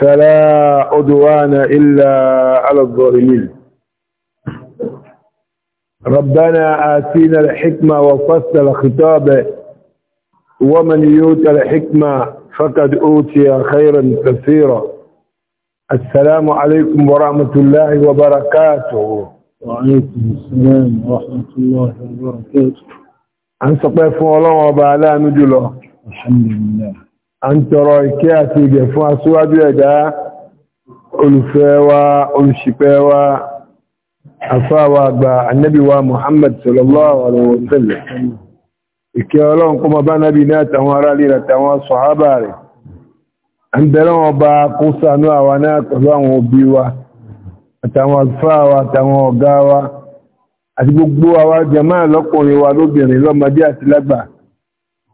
فلا عدوان إلا على الظالمين ربنا آتينا الحكمة وفصل الخطاب ومن يؤت الحكمة فقد أوتي خيرا كثيرا السلام عليكم ورحمة الله وبركاته وعليكم السلام ورحمة الله وبركاته أنسى طيف الله وبعلان جلو الحمد لله àǹtọ̀rọ̀ ìkẹ́ àti ìgẹ̀ fún aṣíwájú ẹ̀dá olùfẹ́ wa olùṣìpẹ̀ wa afáwa àgbà annabiwa muhammad sallallahu alaihi wasallam ìkẹ́ ọlọ́run kó máa bá nábi ní àtàwọn ará lè àtàwọn sọ̀hábà rẹ̀ ń bẹ̀rẹ̀ wọn bá kó sànú àwa náà pẹ̀lú àwọn òbí wa àtàwọn alfáwa àtàwọn ọ̀gá wa àti gbogbo àwa jàmáà lọ́kùnrin wa lóbìnrin lọ́mọdé àti lágbà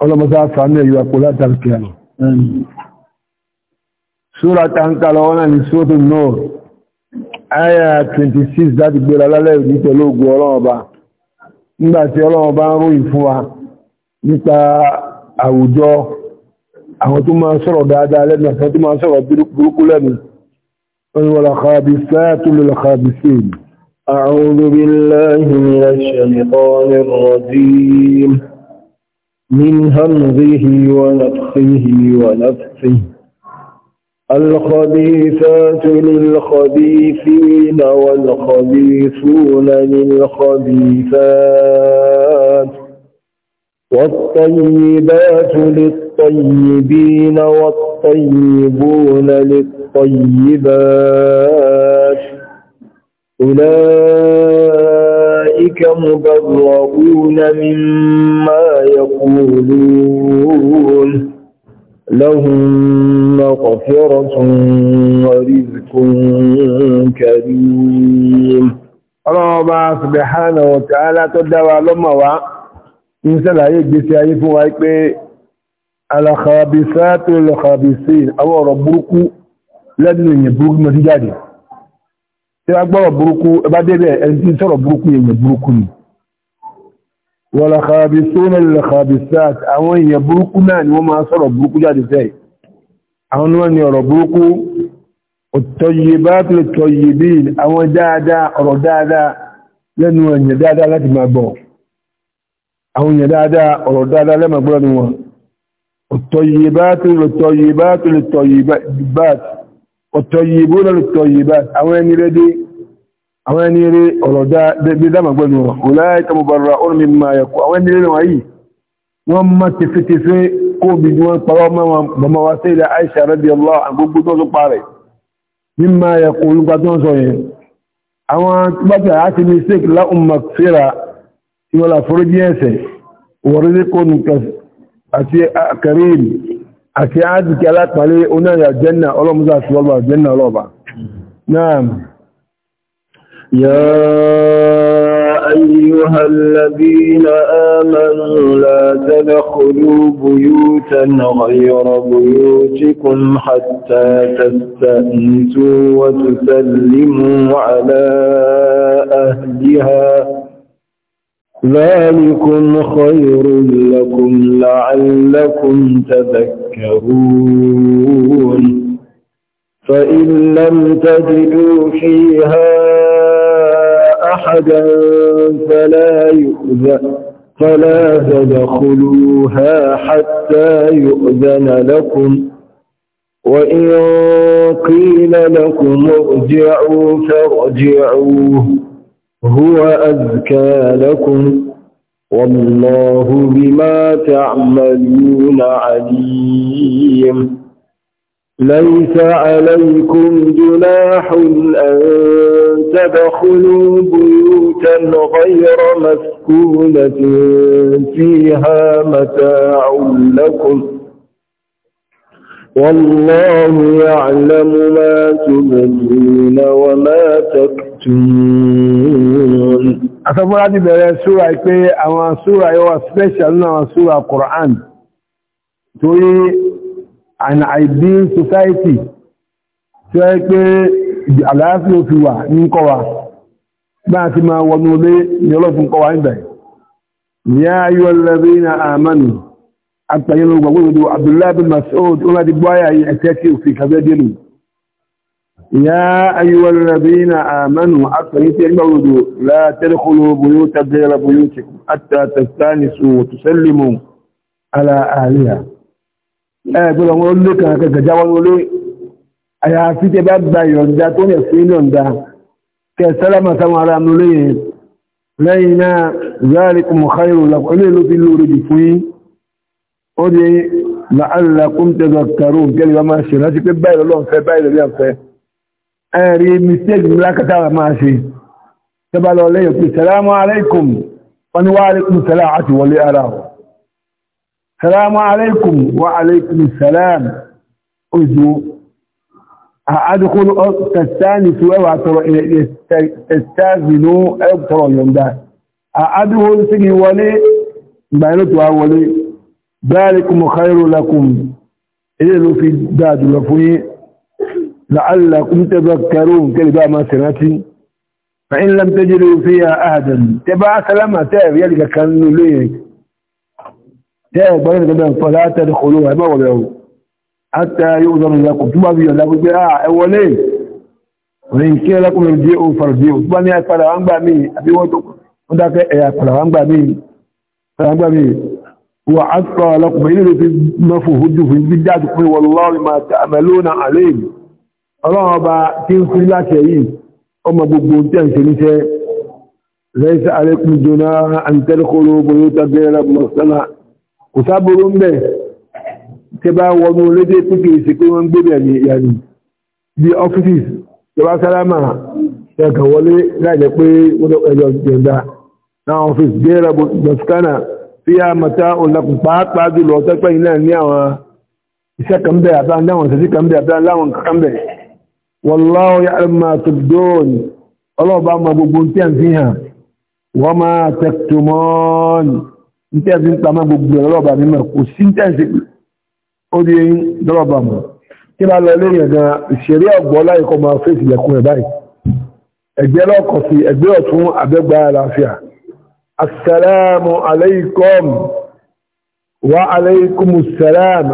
ọlọ́mọdé àfàánú ẹ̀yọ́ àpò látàrí kẹrin ṣúra ta ń kà lọ́wọ́ náà ni ṣúra náà àyà 26 láti gbéra lálẹ́ òní pẹ̀lú ògùn ọlọ́ọ̀ba nígbàtí ọlọ́ọ̀ba ń ròyìn fún wa nípa àwùjọ àwọn tó máa sọ̀rọ̀ dáadáa lẹ́nu àti tó máa sọ̀rọ̀ burúkú lẹ́nu والخابسات للخابسين أعوذ بالله من الشيطان الرجيم من همزه ونفخه ونفخه الخبيثات للخبيثين والخبيثون للخبيثات والطيبات للطيبين والطيبون للطيبات أولئك أولئك مبرؤون مما يقولون لهم مغفرة ورزق كريم الله سبحانه وتعالى تدوى لما وعا إنسان هيك يفو هيك الخابسات الخابسين أو ربكم لن يبرق ما tí wọ́n gbọ́rọ̀ burúkú ẹbá débẹ̀ ẹni tí sọ̀rọ̀ burúkú èèyàn burúkú ni wọ́n la kàbí sónà lè kàbí sáàt àwọn èèyàn burúkú náà ni wọ́n máa sọ̀rọ̀ burúkú jáde fẹ́ àwọn náà ni ọ̀rọ̀ burúkú òtọ̀yẹ bá tilẹ̀ tọ̀yẹ bí àwọn ọ̀tọ̀yìbónà tọ̀yìbá àwọn ẹni rẹ̀ dé àwọn ẹni rẹ̀ ọ̀rọ̀dá bí dámà gbẹ̀nu ọ̀láìta mọ̀bára ọ̀rọ̀mí máa yẹ̀kọ́ àwọn ẹni rẹ̀ wáyìí wọ́n má tẹfẹ́tẹfẹ́ kóbi wọn pàwọ́ mọ́mọ́ wá sí ilẹ̀ Aisha wọ́n là àti àádìkì alápàálé onáyà jẹ́nà ọlọ́mùsá àti ọlọ́bà jẹ́nà ọlọ́bà نعم يا أيها الذين آمنوا لا تدخلوا بيوتا غير بيوتكم حتى تستأنسوا وتسلموا على أهلها ذلكم خير لكم لعلكم تذكرون تذكرون فإن لم تجدوا فيها أحدا فلا يؤذن فلا تدخلوها حتى يؤذن لكم وإن قيل لكم ارجعوا فارجعوه هو أذكى لكم والله بما تعملون عليم ليس عليكم جناح أن تدخلوا بيوتا غير مسكونة فيها متاع لكم والله يعلم ما تبدون وما تكتبون Àsọ́bọ́lá ti bẹ̀rẹ̀ súra pé àwọn súra yíwa special ní àwọn súra Quran torí an ideal society tí ó pé àlàáfíà fi wà ní kọwa bá ti máa wọnú olé ní ọlọ́fún kọwa ìgbà ya ayyuhal ladhina amanu àtàyẹ̀lú gbogbo Abdullahi bin ó láti gbọ́ يا أيها الذين آمنوا أقريت المولد لا تدخلوا بيوتا غير بيوتكم حتى تستانسوا وتسلموا على أهلها ẹgbẹ́lọ wọn ló kàn kẹkẹ jáwọ́n olé àyàfi tẹ bá gba ìyọ̀nda tó yẹ fún ìyọ̀nda kẹ sálámà sáwọn ará nulé yẹn lẹ́yìn náà zalikum khairun lakum ilé ló fi lórí jù fún yín ó di la'allakum tadhakkarun kẹ́lẹ̀ bá máa ṣe láti pé báyìí lọ́lọ́ ẹ̀rí mistake lákàtàrà máa ṣe tẹba lọ lẹ́yìn pé salamu alaikum wani wa alaikum salam àti wọlé ara ọ̀ salamu alaikum wa alaikum salam ojú àádùkúrú tẹ̀sánì tó ẹwà tọrọ ẹ̀tẹ́sìnú لعلكم تذكرون بقى ما سناتي فإن لم تجدوا فيها أهدا تبع سلامة تاب يلقى كانوا ليك تاب بين قبل فلا تدخلوها ما وبيعوا حتى يؤذن لكم ثم بيعوا لكم بيعا آه، أولين وإن كي لكم ارجعوا فارجعوا ثم يا فلوان بامي أبي وتقول وذاك يا فلوان بامي فلوان بامي وعطى لكم إلي في مفهود في البداية والله ما تعملون عليه ọlọ́run ọba tí ń fi láti ẹ̀yìn ọmọ gbogbo tẹ́ ń ṣe níṣẹ́ lẹ́sẹ̀ alẹ́kùn jọna àǹtẹ́lẹ́kọ́rọ̀ bóyó tàbílẹ́rẹ́ mọ̀sánà kò sábòrò ń bẹ̀ tẹ́ bá wọnú lédè pípé ìsì pé wọ́n ń gbé bẹ̀rẹ̀ ìyàní bí ọ́fíìsì tẹ́bá sálámà ẹ̀kà wọlé láìlẹ̀ pé wọ́n ẹ̀jọ̀ jẹ̀dá náà ọ́fíìsì bẹ́ẹ̀rẹ̀ mọ̀sánà fi á mọ̀tá pàápàá jùlọ tẹ́pẹ́ náà ní àwọn iṣẹ́ kan bẹ̀ àbá ìṣẹ́sí kan bẹ̀ àbá kan bẹ̀ wallahu ya'lamu ma tubdun ma gbogbo tí a ń wa ma taktumun tí a fi gbogbo ọlọ́ọ̀bá mímọ̀ kò sí tí a ń ṣe ó di eyín dọ́lọ́ọ̀bá mọ̀ kí bá lọ lórí ẹ̀gán ìṣeré ọ̀gbọ́ láì kọ́ máa fèsì lẹ́kùn assalamu alaikum wa alaikumus salam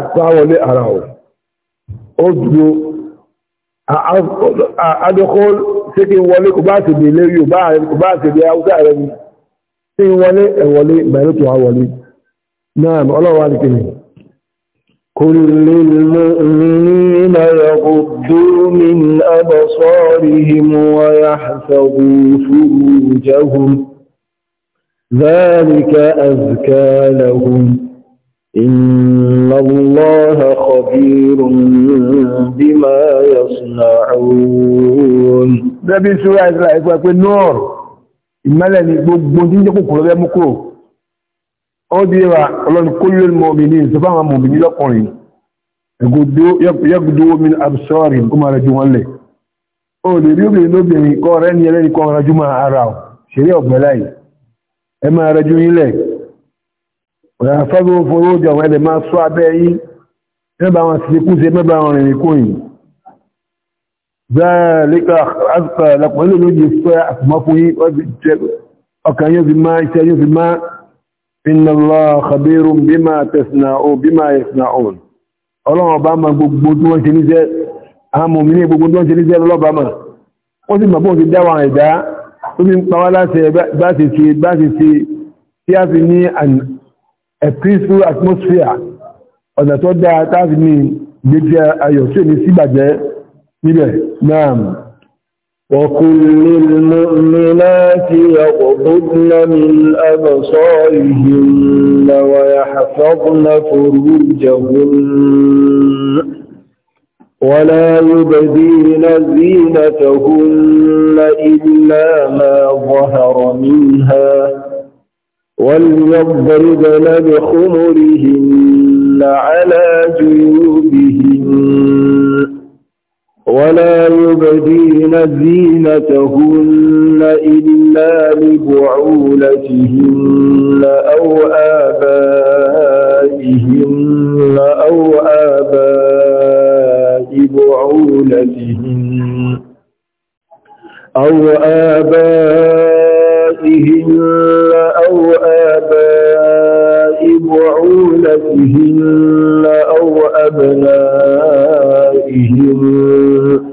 adókòó ṣé kí n wọlé kò bá ṣe dé ilé yóò bá ṣe dé haúsá rẹ ni ṣé n wọlé ẹ̀ wọlé ìgbàlótò wa wọlé náà ọlọ́run wa nìkan yìí. كل المؤمنين إن الله خبير بما يصنعون Bẹ́bí ṣúra ìsìnlá ìpẹ́ pé Nọ́ọ̀rù, ìmẹ́lẹ̀ ni gbogbo jíjẹ́ kòkòrò rẹ mú kò. Ó di ẹwà ọlọ́ni kó lè mọ̀ mi ní ìsọ́fà àwọn mọ̀ mi ní lọ́kùnrin. Yẹ́gùdó mi àbúṣọ́rì kó máa rẹjú wọn lẹ̀. Ó lè ọ̀yàfẹ́gbò forójọ àwọn ẹlẹ̀ máa sọ abẹ́ yí mẹ́bà wọn sì kú sí mẹ́bà wọn rìnrìn kó yìí bẹ́ẹ̀ líka àtùkà lọ́pọ̀lẹ́ ló yìí fẹ́ àtùmọ́kún yí ọkàn yóò fi máa iṣẹ́ yóò fi máa inna Allaha a peaceful atmosphere ọ̀nà tó dáa táàfi ní gbẹ́gbẹ́ ayọ̀ tí èmi síbàjẹ́ níbẹ̀ náà وقل للمؤمنات يغضبن من أبصارهن ويحفظن فروجهن ولا يبدين زينتهن إلا ما ظهر منها وليضربن بخمرهن على جيوبهن ولا يبدين زينتهن إلا لبعولتهن أو آبائهن أو آباء بعولتهن أو آبائهن أمهاتهن أو آباء بعولتهن أو أبنائهن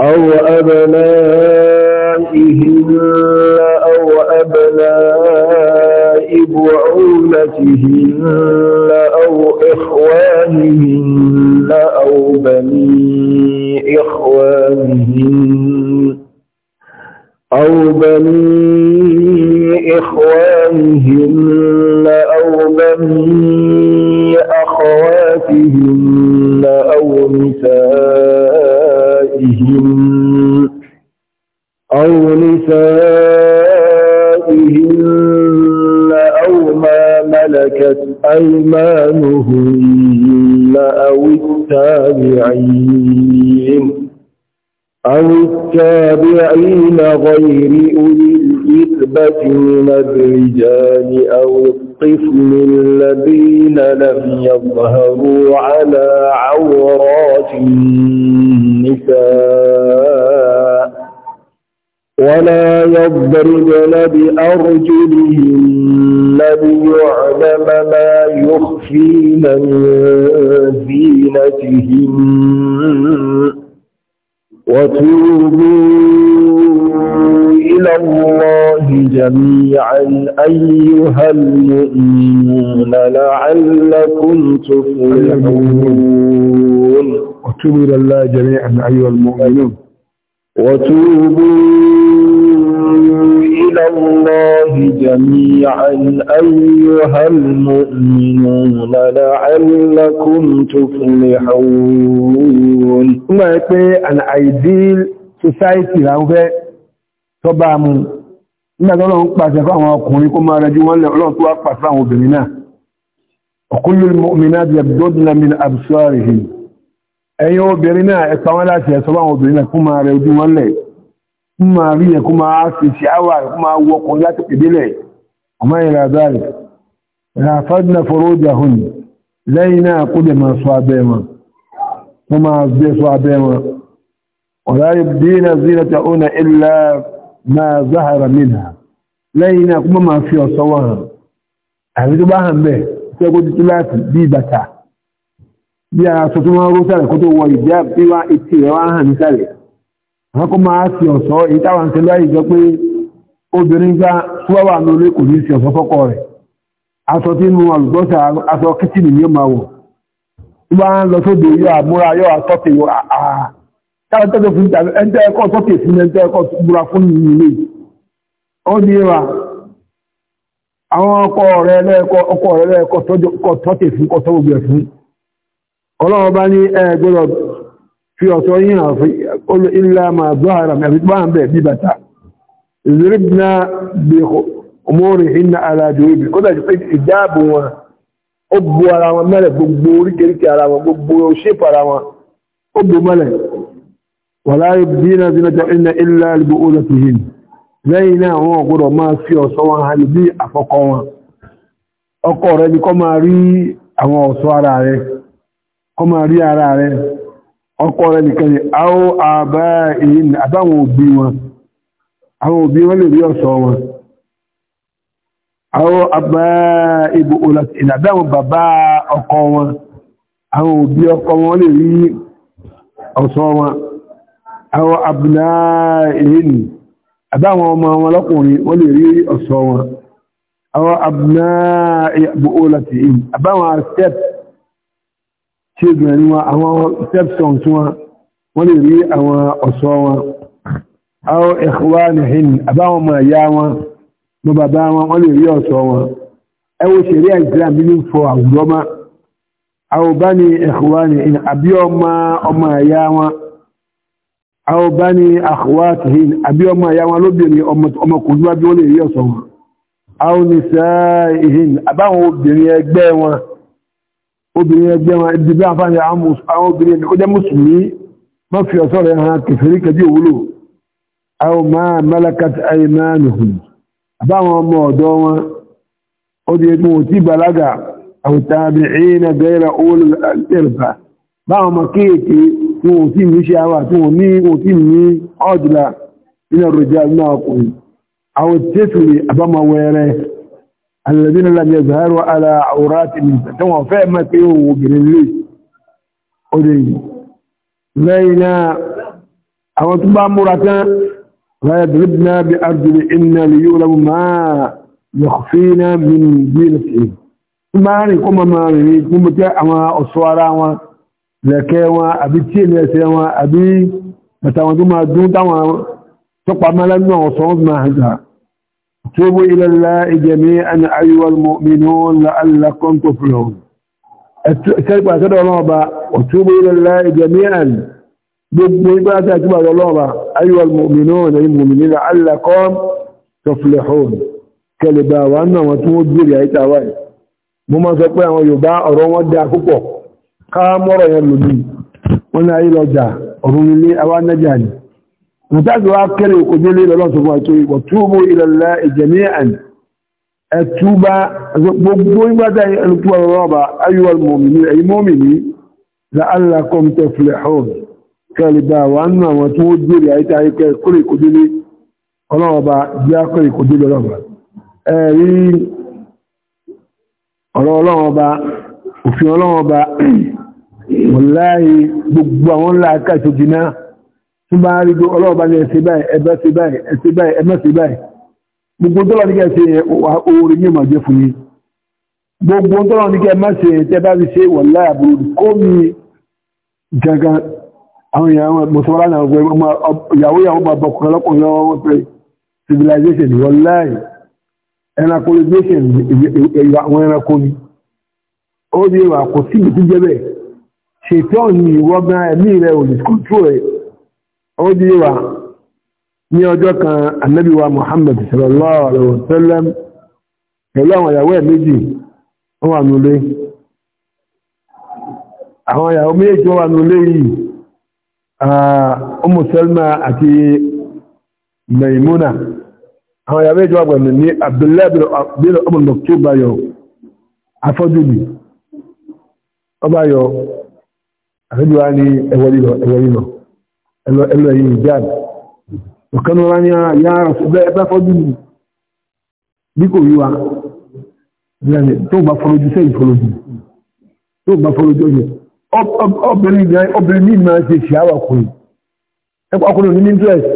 أو أبنائهن أو أبناء بعولتهن أو إخوانهن أو بني إخوانهن أو بني إخوانهن أو بني أخواتهن أو نسائهم أو نسائهم أو ما ملكت أيمانهن أو التابعين أو التابعين غير أولي الإثبة من الرجال أو الطفل الذين لم يظهروا على عورات النساء ولا يضربن بأرجلهن ليعلم ما يخفين من زينتهن وتوبوا إلى الله جميعا أيها المؤمنون لعلكم تفلحون وتوبوا إلى الله جميعا أيها المؤمنون وتوبوا إلى الله جميعا أيها المؤمنون لعلكم تفلحون ما يقول an ideal society láwẹ́ tó bá mú nígbàtí ọlọ́run pàṣẹ fún àwọn ọkùnrin kó máa rẹjú wọ́n lẹ ọlọ́run tó wá pàṣẹ àwọn obìnrin náà ọkùnlù mọ́mìnà bí ẹgbẹ́dọ́dúnlá mi àbúṣọ́ rẹ̀ ẹ̀yìn obìnrin náà ẹ̀pàwọn láti ẹ̀sọ́ àwọn obìnrin náà kó máa rẹjú wọ́n lẹ̀ ma rí ẹ̀ kó máa fi ṣe àwà rẹ̀ kó máa wọkùn láti pèdélẹ̀ ọmọ ìrà báyìí ràfádìnà fọ́rọ́jà hùn lẹ́yìn náà kó lè máa sọ abẹ́ wọn kó máa gbé sọ abẹ́ wọn ọ̀láyé dínà zínà ta ó na ilá máa záhara mìnà lẹ́yìn náà kó máa fi ọ̀sọ́ wọn hàn tó bá hàn bẹ́ẹ̀ tó wọ́n kó máa fi ọ̀ṣọ́ èyí táwọn ń tẹ́lú àìjọ pé obìnrin gbá fúwáwà ní orí kò ní sí ọ̀ṣọ́ fọ́kọ rẹ̀ aṣọ tí mú àlùgbọ́sà aṣọ kìtìnì ní ọmọ wọ̀ tí wọ́n á lọ sóde yóò àmúra yóò àtọ́tẹ̀ yóò fún fi ọ̀tọ́ yìí hàn fi olú ilá máa zọ́hara mẹ́rin bá ń bẹ̀ bí bàtà ziribna bí omori hinna ibi dájú pé ìdáàbò wọn ó bu ara wọn mẹ́rẹ̀ gbogbo oríkèríkè ara wọn gbogbo ara wọn ó bu mẹ́rẹ̀ wà láyé dínà dínà tó iná ilá alìbò olú ti lẹ́yìn náà wọn máa fi wọn hàn bí wọn ọkọ rẹ ni kọ́ máa rí àwọn ara rẹ kọ́ máa rí ọkọ nìkan ni a ó àbá ìyìn àbáwọn òbí wọn àwọn òbí wọn lè rí ọ̀sọ̀ wọn a ó àbá ìbò olàtí ìlàbáwọn bàbá ọkọ wọn àwọn òbí ọkọ wọn lè rí ọ̀sọ̀ wọn a ó àbùnà ìyìn àbáwọn ọmọ wọn lọ́kùnrin wọ́n lè rí ọ̀sọ̀ wọn a ó àbùnà ìbò olàtí ìyìn àbáwọn step tí obìnrin wọn àwọn stepsons wọn wọ́n lè rí àwọn ọ̀ṣọ́ wọn àwọn ẹ̀kọ́wà nìhìn àbáwọn ọmọ ẹ̀yà wọn mọ bàbá wọn wọ́n lè rí ọ̀ṣọ́ wọn ẹwọ́ ṣeré Islam bí ń fọ àwùjọ ma àwọn bá ní ẹ̀kọ́wà nìhìn àbí ọmọ ọmọ ẹ̀yà wọn àwọn bá ní obìnrin ẹgbẹ́ wọn obìnrin ẹgbẹ́ wọn ẹdí bí àfáàní àwọn obìnrin ó jẹ́ mùsùlùmí má fi ọ̀sọ́ rẹ̀ hàn kẹfìrí kẹjú òwúlò àwọn máa malakat aymanuhum àbáwọn ọmọ ọ̀dọ́ wọn ó di ẹgbẹ́ wọn tí balaga àwọn tabi'ina ghayra ulul irba báwọn ọmọ kéèké tí wọn ò tí ní ṣe àwọn wọn ní ní ọ̀dùlà nínú ọ̀rọ̀ jẹ́ àwọn ọkùnrin àwọn àbámọ̀wẹ́rẹ́ الذين لم يظهروا على عورات النساء وفهم فيه بالليل أولي لين أو تبع مرتان لا يضربنا بأرجل إن ليولم ما يخفينا من دينته ما ريكم ما ريكم تاع ما أسوارا لكوا أبي تيل سوا أبي متى ما دون تاع ما تقبل ما لنا وصوت ما هذا توبوا إلى الله جميعا أيها المؤمنون لعلكم تفلحون سيبقى أتدعو الله وتوبوا إلى الله جميعا بمبات أتبعوا الله أيها المؤمنون المؤمنين لعلكم تفلحون كلبا وأنا وتوبوا يا إتاوان مما سيبقى أن يباع دا ودع كامورا كامر يلوني وانا إلى جاه أرون لي أوانا جاني mùtáàkì wá kẹ́lẹ̀ òkòjé lé lọ́lọ́sọ̀ fún àti ìwọ̀túbù ìlàlá ìjẹ̀mí àn ẹ̀túbá gbogbo ìgbàdá ẹnukú ọlọ́ọ̀bá ayúwàl mọ̀mìnì ẹ̀yí mọ́mìnì láàlákọ́m tẹ́fìlẹ̀ hàn kẹ́lẹ̀bá wà nínú àwọn tó jèrè àyíká ayíkẹ́ ọ̀rọ̀ tí bá rí gbó ọlọ́ọ̀bá ní ẹ̀sẹ̀ báyìí ẹ̀bẹ́ sí báyìí ẹ̀sẹ̀ báyìí ẹ̀mẹ́ sí báyìí gbogbo tọ́lọ̀ ní kẹsẹ̀ oore ní ìmọ̀ jẹ́ fún yín gbogbo tọ́lọ̀ ní kẹ mẹ́sẹ̀ tẹ́ bá fi ṣe wọ̀lá àbúrò kó mi gangan àwọn èèyàn civilization wọ̀lá ẹranko civilization àwọn ẹranko ni ó ní ìwà kò sí ìbùkún jẹ́ ìwọ́gbọ́n ẹ̀mí rẹ̀ ò rẹ̀ ó di wà ní ọjọ́ kan annabiwa muhammad sallallahu alaihi wasallam pẹ̀lú àwọn ìyàwó ẹ̀ méjì wọ́n wà nulé àwọn ìyàwó méjì wọ́n wà nulé yìí ọmọ salma àti maimuna àwọn ìyàwó méjì wà ní abdullahi ọmọ umm dr bayo afọ́júbi ọba yọ àfẹ́jọ́ wa ní ẹwọ́lì lọ ẹlọ yìí jáde ọ̀kan wọn ni yára ẹbá fọ́dún ní bí kò rí wa tó bá fọ́lójú sẹ́yìn fọ́lójú tó bá fọ́lójú ọ̀yẹ̀ obìnrin ní máa ṣe ṣìáwà kùnrin ẹkọ́ ọkùnrin ní interest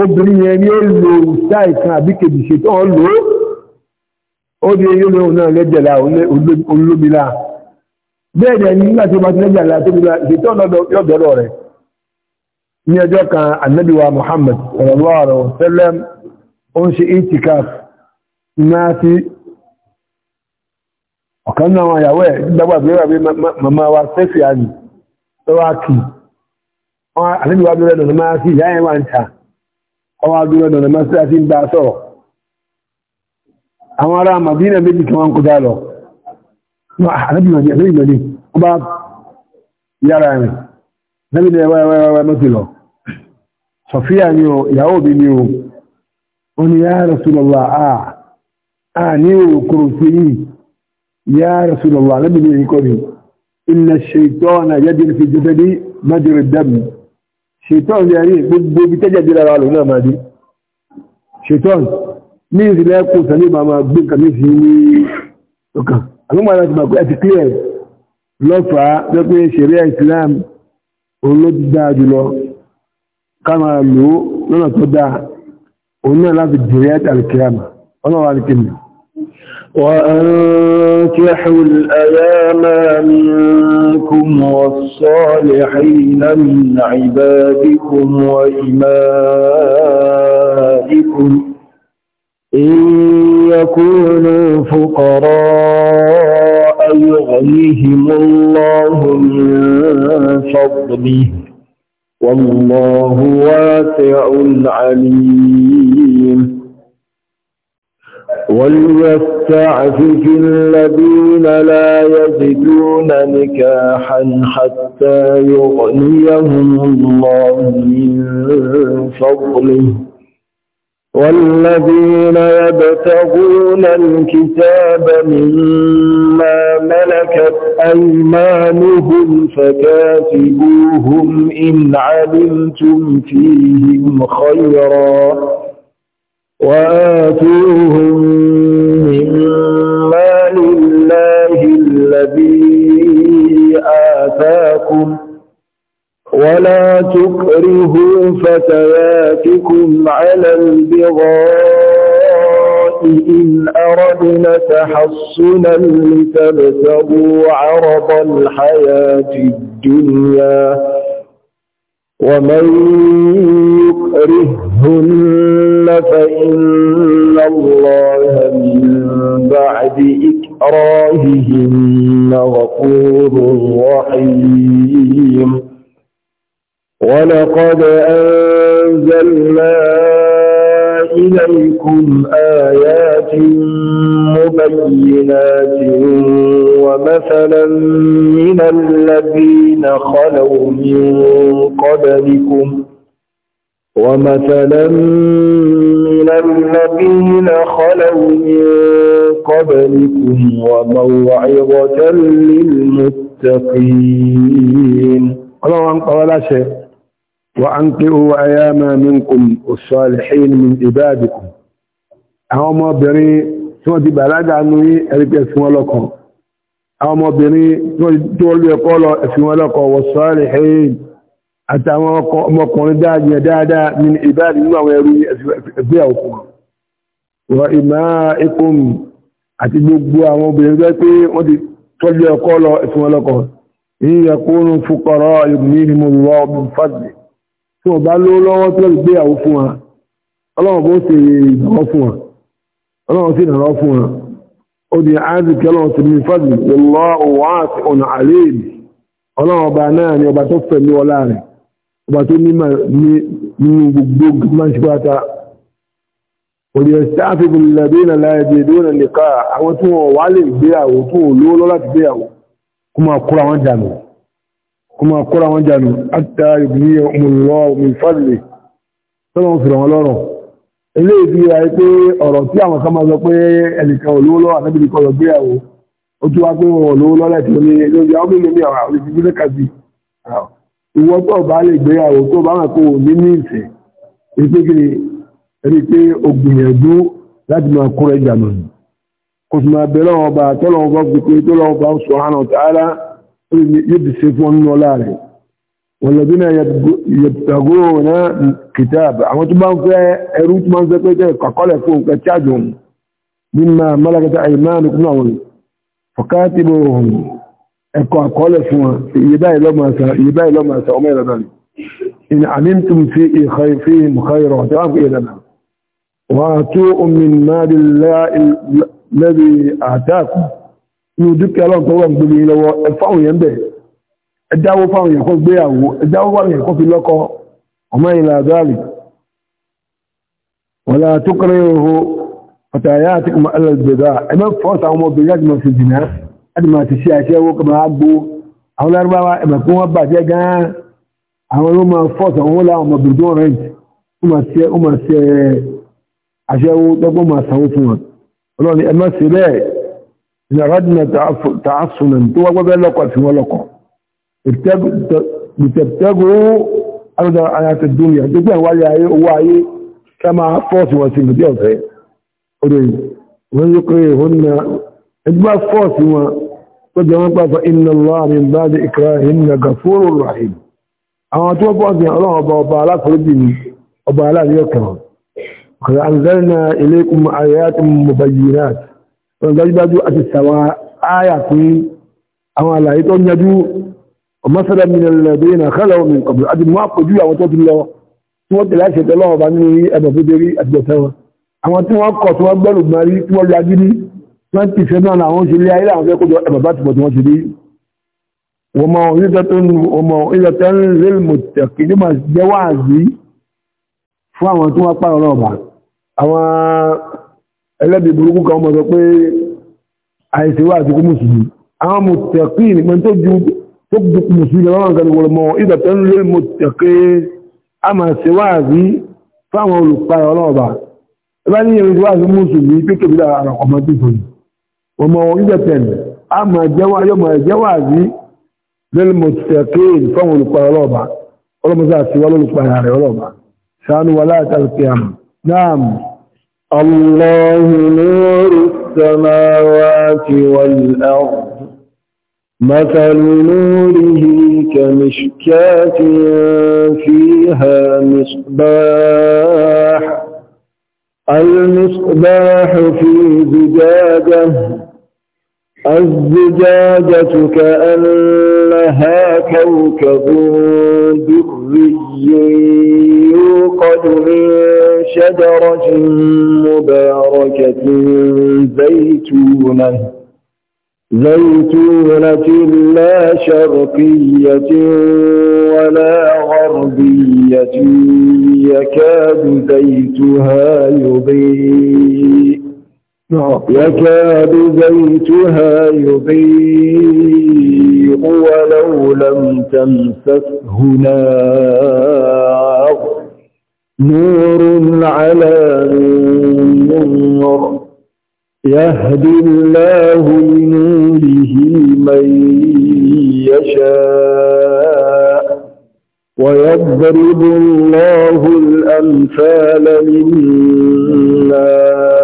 obìnrin yẹn ni ó lo sáì kan àbí kèbì ṣe tó ń lò ó ó di eyín olóhùn náà lẹ́jẹ̀lá olómìnira bẹ́ẹ̀ ni nígbà tí bá ti lẹ́jẹ̀lá tó bí ṣe tó ń lọ́dọ̀ rẹ̀ ní ọjọ́ kan annabiwa muhammad sallallahu alaihi wasallam ó ń ṣe itikaf náà sí ọ̀kan náà wọn yàwó ẹ̀ dágbà bí wà bí mama wa sẹ́fì àní lọ́wọ́ kì wọ́n annabiwa bí rẹ̀nà máa sí ìyá ẹ̀wà ń ta ọwọ́ bí rẹ̀nà máa sí àti ń bá sọ̀rọ̀ àwọn níbi ni ẹwà ẹwà ẹwà mọ́tì lọ sọfíà ni o ìyàwó mi ni o ó ní yá Rasulullah à à ní òkúrò sí yìí yá Rasulullah níbi ni ìkọ́ mi inna shaytana yajri fi jasadi majra ad-dam ṣètọ́n ní ayé gbogbo ibi tẹ́jẹ̀ dé lára lòun náà máa dé ṣètọ́n ní ìrìnlẹ̀ kò sàní máa gbé nǹkan méjì ní ọkàn àlọ́mọ aláàtì clear lọ́fàá lọ́pẹ́ ṣẹ̀ríà Islam òun ló ti dáa jùlọ ká máa lò ó lọ́nà tó dáa òun náà láti dìrẹ́ àlìkìyàmà ọlọ́wà alìkìyàmà وأنكحوا الأيام منكم والصالحين من عبادكم وإمائكم إن يكونوا فقراء يغنيهم الله من فضله والله واسع عليم وليستعفف الذين لا يجدون نكاحا حتى يغنيهم الله من فضله والذين يبتغون الكتاب مما ملكت أيمانهم فكاتبوهم إن علمتم فيهم خيرا وآتوهم ولا تكرهوا فتياتكم على البغاء إن أردنا تحصنا لتبتغوا عرض الحياة الدنيا ومن يكرههن فإن الله من بعد إكراههن غفور رحيم ولقد أنزلنا إليكم آيات مبينات ومثلا من الذين خلوا من قبلكم ومثلا من الذين خلوا من قبلكم وموعظة للمتقين الله أنقر لا وأنقئوا أياما منكم الصالحين من عبادكم àwọn ọmọbìnrin tí wọ́n ti bàlágà ní ẹ̀ríkẹ́ ẹ̀sìn wọn lọ́kọ àwọn ọmọbìnrin tí wọ́n lú ẹ̀kọ́ lọ ẹ̀sìn wọn lọ́kọ والصالحين àtàwọn ọmọkùnrin dáadìyàn dáadáa ní ìbáàdì nínú àwọn ẹrú ẹgbẹ́ òkun wọ إمائكم àti gbogbo àwọn obìnrin tó pé wọ́n ti tọ́jú ẹ̀kọ́ lọ ẹ̀sìn wọn lọ́kọ إن يكونوا فقراء يغنيهم الله من فضله tí wọ́n bá lówó lọ́wọ́ tí wọ́n gbéyàwó fún wa ọlọ́run bó ṣe ìrànlọ́ fún wa ọlọ́run sì ìrànlọ́ fún wa ó di áàzìkì ọlọ́run sì ní fàdí wọlọ́ òwò àti ọ̀nà àléèlì ọlọ́run ọba náà ni ọba tó fẹ̀mí ọlá rẹ̀ ọba tó ní nínú gbogbo mọ́ṣípátá òdì ẹ̀sítáfíkùn lẹ́bínà láyẹ̀dì ìdúnà nìkan àwọn tí wọ́n wá lè gbéyàwó tí wọ́n lówó lọ́ láti gbéyàwó kó máa kóra wọn dànù kuma kura wọn jànú hatta yughniyahum Allahu min fadli tọ́lọ́wọ́n fìrọ̀ wọn lọ́rọ̀ ilé ìbí ayé pé ọ̀rọ̀ tí àwọn kan máa sọ pé ẹnìkan olówó lọ́wọ́ àtẹ́bìlì kan lọ gbéyàwó ó tún wá pé wọn olówó lọ́lẹ̀ ni ẹni pé o gbìyànjú láti máa kúrẹ́ jànú kò sì máa bẹ̀rẹ̀ wọn bá tọ́lọ́wọ́n bá fi pé tọ́lọ́wọ́n bá ń sọ يدسف ونولاره والذين يبتغون الكتاب àwọn tó bá ń fẹ́ ẹrú tó máa ń fẹ́ pé kọ̀kọ́lẹ̀ fún òkè chájùn mímọ̀ mọ́lákẹta àìmánukún àwọn fọ̀kátìbò ohun ẹ̀kọ́ àkọọ́lẹ̀ fún wọn iye báyìí lọ́mọ̀ọ́sà ọmọ ìrọ̀dọ̀ ni in amimtum fi ìkhaifihim khairo tí wọ́n fi ìrọ̀dọ̀ wọ́n tó omin máa bí lẹ́bí àtàkùn ní dúkìá lọ́tọ́ wọ́n gbé yín lọ́wọ́ ẹ fáwọn yẹn bẹ̀ ẹ jáwó fáwọn yẹn kó gbéyàwó ẹ jáwó fáwọn yẹn kó fi lọ́kọ ọmọ yìí làdáàlì wọ́n láà tó kọ́rẹ́ ìhó pàtàyà àti kùmà alẹ́gbẹ̀dá ẹ mẹ́ fọ́ọ̀tà àwọn obìnrin láti máa fi jìnà láti máa ti ṣe àṣẹ owó kọ́mà àgbo àwọn lárúbáwá ẹ̀mẹ̀ kó wọ́n bàjẹ́ gan àwọn ló máa إن أردنا تعصنا تو وبلق في ولق لتبتغوا أرض الحياة الدنيا جدا وعي وعي كما فوس وسيم ديوته أريد ويقرهن إجماع فوس وجمع فإن الله من بعد إكراهن غفور رحيم أما تو فوس الله أبا لا فرجني أبا لا يكره قد أنزلنا إليكم آيات مبينات ọ̀nà dájúdájú àti sàwọn áyà pé àwọn àlàyé tó yanjú ọmọsára mìírànlẹ̀dẹ́ ìnà kálọ̀ omi ọ̀bùn àti mọ́ àpòjú àwọn tó ti lọ tí wọ́n tẹ̀lé àṣẹ tẹ́lọ́ ọba ní ẹ̀bọ̀ fúdérí àti ọ̀tẹ́ wọn àwọn tí wọ́n kọ̀ tí wọ́n gbẹ́rù gbẹ́rí tí wọ́n lajú ní wọ́n ti fẹ́ náà àwọn ṣe lé ayé àwọn fẹ́ bá àwọn ẹlẹ́bì burúkú kan mọ̀ sọ pé àìsíwá àti kó mùsùlùmí àwọn mùtẹ̀kí ní pẹ́ tó ju tó ju mùsùlùmí lọ́wọ́ nǹkan ní wọlọ́mọ́ ìdọ̀tẹ́ ń lé mùtẹ̀kí àmà síwá àbí fáwọn olùpayọ̀ ọlọ́ọ̀bà ẹ bá ní ìrìn síwá àti mùsùlùmí pé kèbí ara ọmọ tó sọ yìí ọmọ ìdọ̀tẹ́ àmà jẹ́wọ́ ayọ́mọ ẹ̀jẹ̀wọ́ àbí lẹ́lẹ́ mùtẹ̀kí fáwọn olùpayọ̀ ọlọ́ọ̀bà ọlọ́mọ الله نور السماوات والأرض مثل نوره كمشكاة فيها مصباح المصباح في زجاجه الزجاجة كأنها كوكب دري يوقد من شجرة مباركة زيتونة زيتونة لا شرقية ولا غربية يكاد زيتها يضيء يكاد زيتها يضيء ولو لم تمسسه نار نور على نور يهدي الله لنوره من يشاء ويضرب الله الأمثال للناس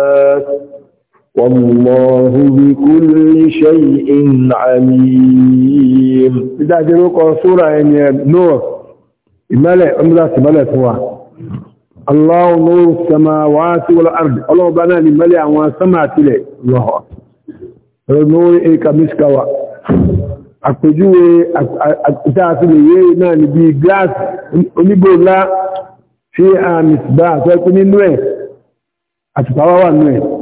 والله بكل شيء عليم إذا جلوك سورة يعني نور إمالة أمرا سبالة هو الله نور السماوات والارض. الله بنا لمالة عوان سمعت لي الله نور إيكا مسكوا أكتجوه أكتاسي لي ناني بي جلاس ونقول لا في مصباح سيكون نوه أتفاوى نوه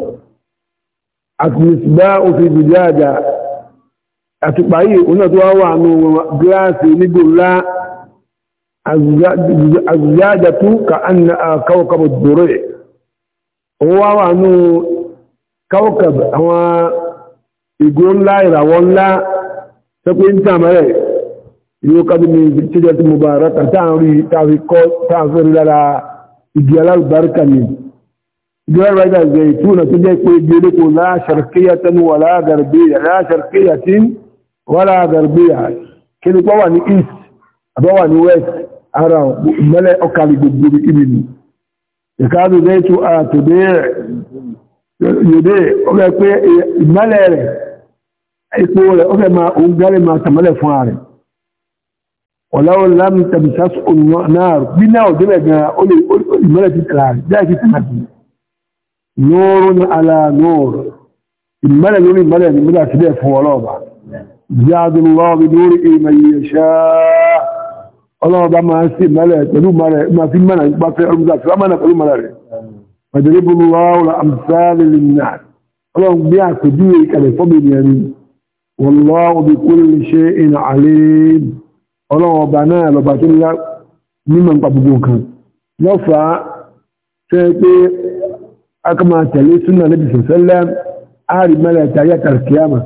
àti ìsìgbá òfin ìgbìdí àjà àti pàáyì oná tó wá wà ní gíláàsì onígbò ńlá àzùjájà tó ka an ah, na kawkaba dòrò ẹ̀ owó wá wà ní kawkaba àwọn ìgò ńlá ìràwọ̀ ńlá sẹ́kùn ní tàmàrẹ̀ yóò kájú ní tíjẹ́ tí mubarak tààrí kọ́ tààrí lára ìgbìyànlá barka ni جوار بعد الزيتون تجيك ويجيلك لا شرقية ولا غربية لا شرقية ولا غربية كده طواني إيس طواني ويس أرى ملا أكالي قدر إبني يكاد زيت أتبيع يبيع أوكي كوي ملا يقول أوكي ما أنقل ما تملا فاري ولو لم تمسس النار بنا ودبنا أولي أولي ملا تتلال ذاك تمسس نور على نور الملل يقول الملل يقول أتبع فوالوبة زاد الله بنوره من يشاء الله بما أسي ملل تلو ملل ما في ملل ما في علم ذات فأمنا تلو ملل فدرب الله الأمثال للناس الله بيعك ديك الفضل يعني والله بكل شيء عليم الله بنا لبات الله ممن قبضوك لفا تأتي aka máa tẹ̀lé súnà níbi sọ̀sẹ́lẹ̀ ààrì mẹ́lẹ̀ tàrí àtàrkìyàmà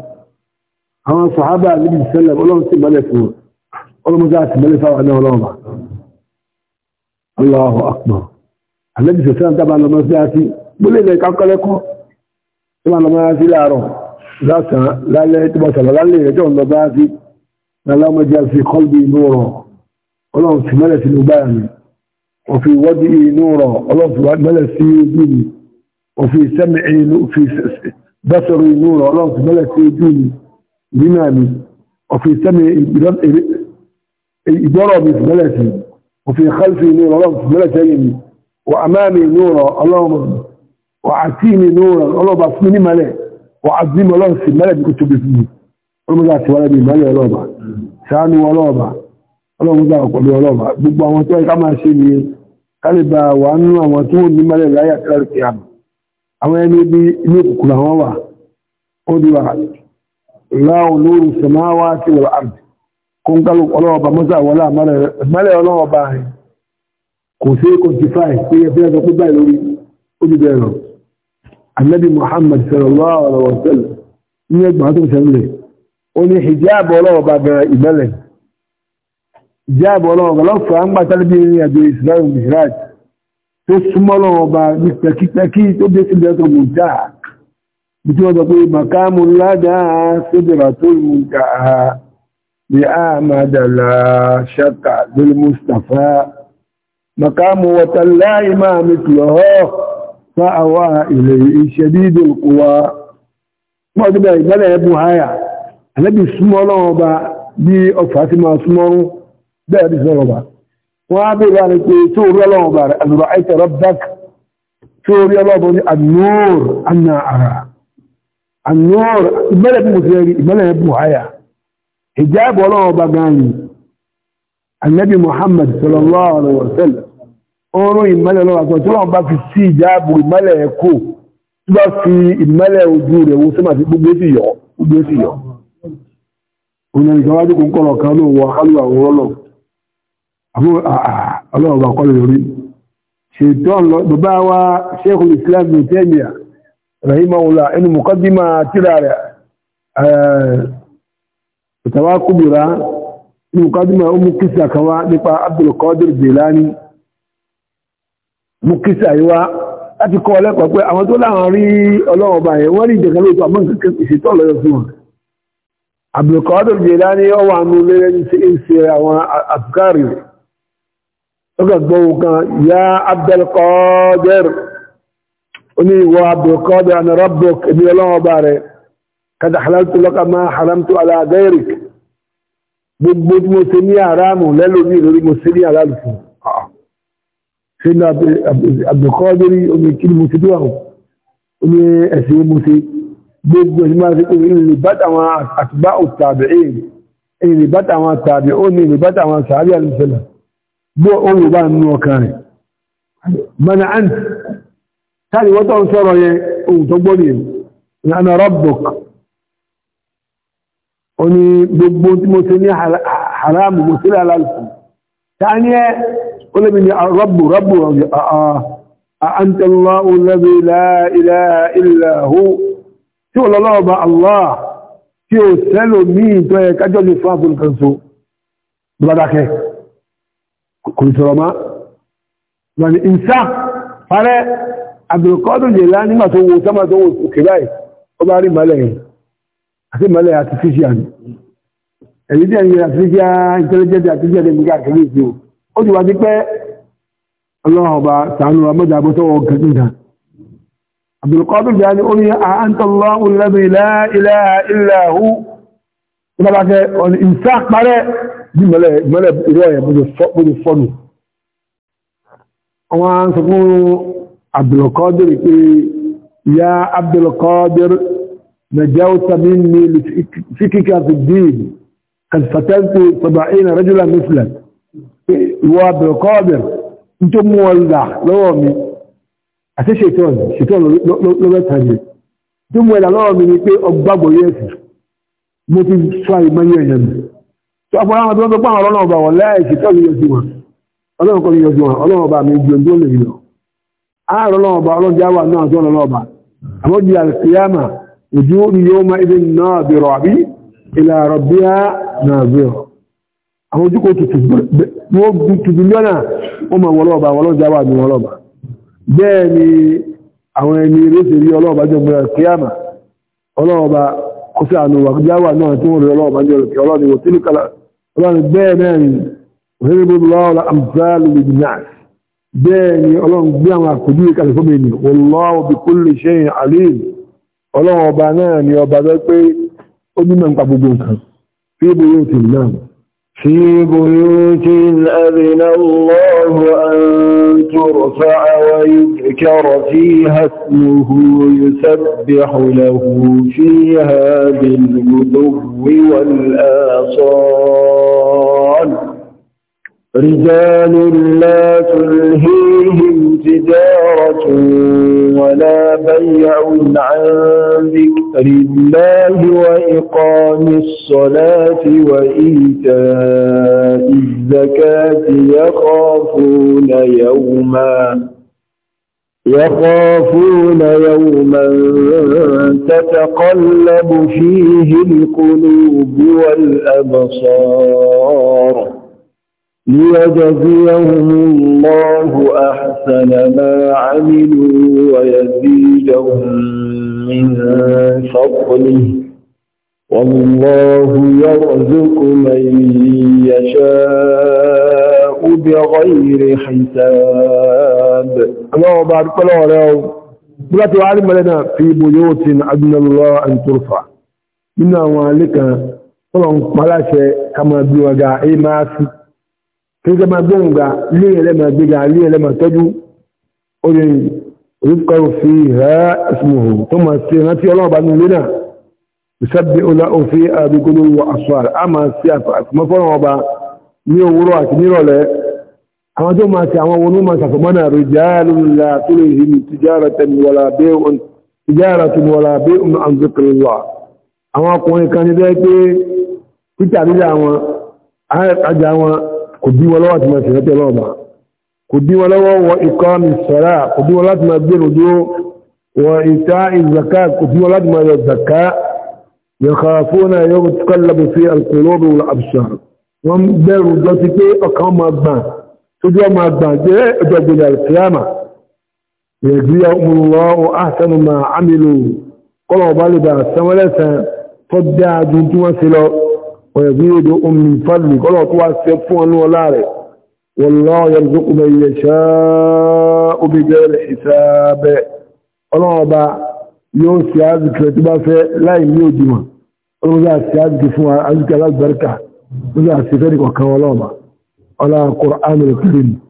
àwọn sọ̀hábà níbi sọ̀sẹ́lẹ̀ ọlọ́run sí mẹ́lẹ̀ fún ọlọ́mọdá sí mẹ́lẹ̀ fáwọn náà ọlọ́run bá Allahu akbar àlẹ́bí sọ̀sẹ́lẹ̀ dábà lọ mọ́ sí àti gbólé ilẹ̀ kankọ́lẹ́kọ́ tó máa lọ mọ́ sí láàárọ̀ lásán lálẹ́ tó bá sọ̀rọ̀ lálẹ́ ìrẹ́jọ́ ń lọ bá sí lálọ́mọdé àti kọ́lbí inú rọ̀ ọlọ́run sì mẹ́lẹ̀ sínú báyà mi òfin wọ́dí inú rọ̀ ọlọ́run sì mẹ́lẹ̀ sí ojú mi وفي سمعي في بصري نور الله بلد سيديني بمامي وفي سمعي ضربي في بلدي وفي خلفي نور الله في بلدي وأمامي نور اللهم وعتيني نورا الله بعثني ملك وعظيم الله في ملك كنت بفيه الله بعث ولدي بي ملك الله بعث ساني ولا بعث الله بعث ولا بعث gbogbo àwọn tó ẹ̀ká máa ṣe ni kálíbà wà nínú àwọn tó ní mẹ́lẹ̀ láyé àtàrí àwọn ẹni bí inú òkùnkùn àwọn wà ó di wà láwọn olóòrùn sọmáwá sí wọ́n àrùn kó ń kálù ọlọ́ọ̀bà mọ́sà wọlá mẹ́lẹ̀ ọlọ́ọ̀bà rẹ̀ kò sí kòtífàì pé ẹgbẹ́ ẹgbẹ́ annabi muhammad sallallahu wa hijab tó súnmọ́ lọ́wọ́ ọba ní pẹ̀kípẹ́kí tó dé sí ìjọ́ mọ̀já bí tí wọ́n sọ pé màkáàmù ládàá sóbẹ̀rà tó mọ̀já bí a máa dàlà ṣàkà lórí mustapha màkáàmù wọ̀tàlá ìmá mi tùlọ̀họ́ fáàwà ilẹ̀ ìṣẹ́dídò kọwa mọ́júbẹ̀ ìgbẹ́lẹ̀ ẹbùn háyà وابلانك توري الله بار أن رأيت ربك توري الله بني النور أنا أرى النور ملك bá fi sí ìjáàbò ìmọ́lẹ̀ ẹ̀kọ́ tí fi ìmọ́lẹ̀ ojú rẹ̀ wo sí sí gbogbo àbú ọlọ́ọ̀bà kọlù lórí ṣètọ́n bàbá wa Sheikhul Islam bin Taymiyyah rahimahullah inú mukaddima tíra rẹ̀ ìtawà kúbìrá inú mukaddima umu kisa kawa nípa Abdul Qadir Jilani mú kisa yíwá láti kọ́ ọlẹ́kọ̀ọ́ pé àwọn tó láwọn rí ọlọ́ọ̀bà yẹn wọ́n rí ìjẹ̀kan lóòtọ́ àmọ́ nǹkan ìṣètọ́ lọ́yọ̀ fún wọn àwọn àtúkárì rẹ̀ gbogbo kan ya abdelkader oní ìwọ abdelkader àni rabbok ibi ọlọ́wọ́ bá rẹ̀ kada halaltu lọ́ka máa haramtu aláàdẹ́rìk gbogbo tí mo ṣe ní àrámù lẹ́lòmí lórí mo ṣe ní aláàlùfún ah. ṣe ní abdelkader omi bó ohun bá nínú ọkàn rẹ̀ mana an tàbí wọ́n tó ń sọ́rọ̀ yẹn ohun tó gbọ́ nìyẹn ní ana rabbuk o ní gbogbo tí mo ṣe ní haramu mo ṣe lálàlùfù ta ní ẹ o lè mi ní ah, rabbu rabbu أنت الله الذي لا إله إلا هو tí ó lọ́lọ́wọ́ bá Allah tí ó sẹ́lò ní ìtọ́ ẹ̀kájọ́ lè fún àfihàn kan so. Bàdákẹ́ kò sọ̀rọ̀ má wọ́n ni ìsá parẹ́ Abdulkadir Jilani nígbà tó wo sọ́mà tó wo òkè báyìí ó bá rí mọ́lẹ̀ yìí àti mọ́lẹ̀ artificial èyí tí ẹni artificial intelligent artificial ní gbígbà kìlì ìsìn o ó ti wá sí pé ọlọ́run ọba sàánú ọmọdé abọ́tọ́wọ́ gẹ̀gẹ̀dà Abdulkadir Jilani ó bí mọ́lẹ̀ mọ́lẹ̀ irú ọ̀yẹ̀ bó ti fọ́nù wọ́n á ń sọ fún abdulkadir pé ya abdulkadir najauta minni fikika fi din kan fatantu saba'ina rajula mislak ìwọ abdulkadir n tó mú wọn là lọ́wọ́ mi àti ṣètọ́n ṣètọ́n lọ́wọ́ta mi tó mú wọn là lọ́wọ́ mi ni pé ọgbàgbọ̀ yẹ́sì mo ti sọ àìmọ́ yẹ̀yẹ̀ mi ọ̀pọ̀lọpọ̀ àwọn tó ń tó pàwọn ọlọ́nà ọba wọ̀ lẹ́ẹ̀kì tọ́lù yọjú wọn ọlọ́run kọ́ yọjú wọn ọlọ́run ọba mi ju ẹgbẹ́ olè lọ ààrùn ọba ọlọ́run jáwà ọlọ́run ọba àmọ́jì alkiyama ojú ni yóò máa ibi náà bẹ̀rọ àbí ilẹ̀ àrọ̀bíà náà àwọn kó sí àánú wà jáwà náà tí wọ́n rẹ̀ ọlọ́run bá jẹ́ òkè ọlọ́run wò tí ní kala ọlọ́run bẹ́ẹ̀ náà ni òṣèré bó lọ́wọ́ àmúfàálù lè jìnà bẹ́ẹ̀ ni ọlọ́run gbé àwọn àkójú ìkàlẹ̀ fún mi في بيوت أذن الله أن ترفع ويذكر فيها اسمه يسبح له فيها بالغدو والآصال رجال لا تلهيهم تجارة ولا بيع عن ذكر ذكر الله وإقام الصلاة وإيتاء الزكاة يخافون يوما يخافون يوما تتقلب فيه القلوب والأبصار ليجزيهم الله أحسن ما عملوا ويزيدهم من فضله والله يرزق من يشاء بغير حساب الله بارك الله له بلات وعلم لنا في بيوت عدن الله أن ترفع إنا وعليك طبعا ملاشة كما بيوغا أي ماسي كما بيوغا ليه لما بيغا ليه لما تجو أولي ويذكر فيها اسمه ثم سيناتي الله بعد لنا يسبح له فيها بقلوب وأصوار أما سيافة ما فرما با نيو وروات نيرو له أما جو ما سيما ونو ما سفمنا رجال لا تلهم تجارة ولا بيع تجارة ولا بيع عن ذكر الله أما قوي كان ذلك كتاب جاوة آيات جاوة قدي ولوات ما سيناتي الله kò dí wọn lọ́wọ́ wọ ikọ́ mi sọ́ra kò dí wọn láti máa gbé rojú wọ ìta ìzàká kò dí wọn láti máa yọ zàká yakhafuna yawman tuqallabu fihi al-qulubu wal-absar wọ́n bẹ̀rù jọ sí pé ọkàn máa gbà tójú ọmọ àgbà jẹ́ ẹjọ́ gbèrè àìsíyàmà yẹ̀gbìyà Allahu ahsanu ma amilu kọ́lọ̀ ọba lè bá sanwó tó dáa ju tí wọ́n ṣe lọ ọ̀yẹ̀gbìyà omi fadli kọ́lọ̀ tó wá ṣe fún ọlọ́ọ̀lá rẹ̀ والله يرزق من يشاء بغير حساب الله با يو سياد كتبا في لا يميو ديما الله سياد كفوا أزكى لا البركة الله سيفرق وكوالوما على القرآن الكريم